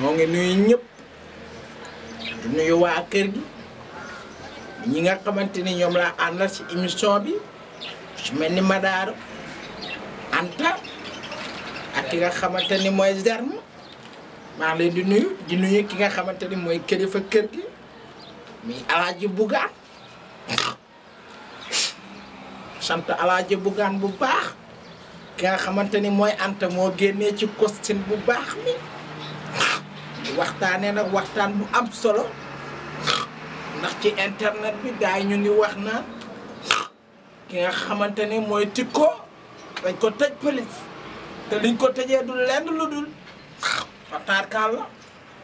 ñoo ngi nuyu ñëpp di nuyu waa kër gi ñi nga xamante ni ñoom laa àndal ci émission bi ci mel ni Madaro Anta ak ki nga xamante ni mooy Zerme maa ngi leen di nuyu di nuyu ki nga xamante ni mooy kilifa kër gi muy Alaaji Bugaan sant Alaaji Bugaan bu baax ki nga xamante ni mooy Anta moo génnee ci costume bu baax mi waxtaanee nag waxtaan bu am solo ndax ci internet bi daay ñu ni wax na ki nga xamante mooy mooy Tyco dañ ko tëj police te liñ ko tëjee du lenn lu dul fataarkaal la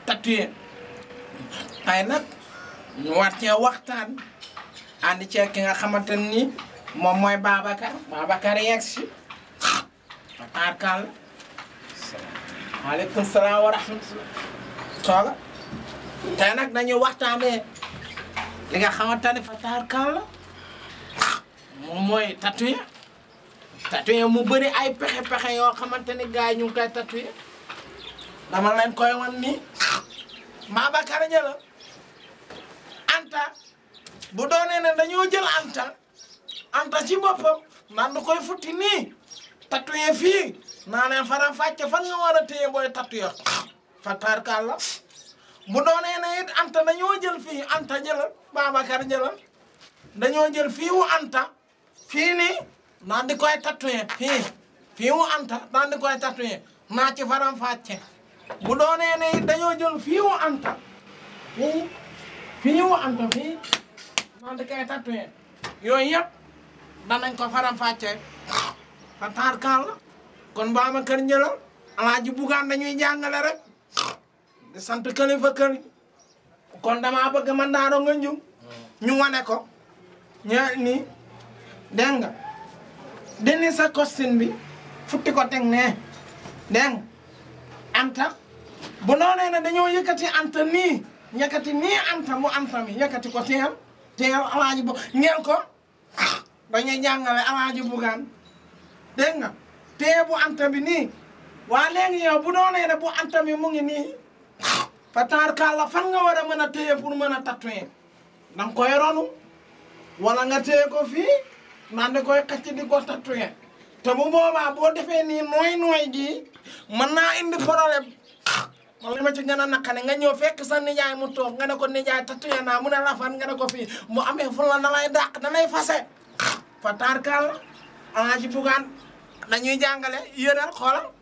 tatuyee waaye nag ñu war cee waxtaan ànd cee ki nga xamante ni moom mooy Babacar Babacar yegg si fataarkaal la. maaleykum salaam wa rahmatulah. tooga tey nag dañuy waxtaanee li nga xamante ne Fatar Kalla la moom mooy tatoué tatoué mu bëri ay pexe-pexe yoo xamante ne gars yi ñu ngi koy tatoué dama leen koy wan nii Mabakar la Anta bu doonee ne dañoo jël Anta Anta ci boppam naan koy futti nii tatoué fii naa leen faram fàcce fan nga war a téye booy Fatar Kalla bu doonee ne Anta dañoo jël fii Anta jëlal Babacar jëlal dañoo jël fii wu Anta fii nii daan di koy tatoué fii fii wu Anta daan di koy tatoué naa faram fàcce bu doonee dañoo jël fii wu Anta fii fii Anta fii daan di koy tatoué yooyu yëpp danañ ko faram fàcce Fatar Kalla kon Babacar jëlal alaaji bugaan dañuy jàngale rek. di sant kilifa kër kon dama bëgg man daaro nga ñëw ñu wane ko ñaar nii dégg nga dindi sa costume bi futti ko teg ne dégg anta bu noonee ne dañoo yëkkati anta ni yëkkati ni anta mu anta mi yëkkati ko teel teel alaaji bu ñeel ko ah, dañuy jàngale alaaji bugaan dégg nga tee bu anta bi nii waa léegi bu doonee bu anta mi mu ngi nii fa taarkaal la fan nga war a mën a téye pour mën a tatouer da nga koy wala nga téye ko fii naan da koy xëcc di ko bu boobaa boo defee ni nooy nooy gii mën naa indi problème man li ma ci gën a naqane nga ñëw fekk sa nijaay mu toog nga ne ko nijaay tatouer naa mu ne la nga ne ko fii mu amee fu la da lay dàq da fase fa taarkaal la alaaji bugaan dañuy jàngale yéenal xoolal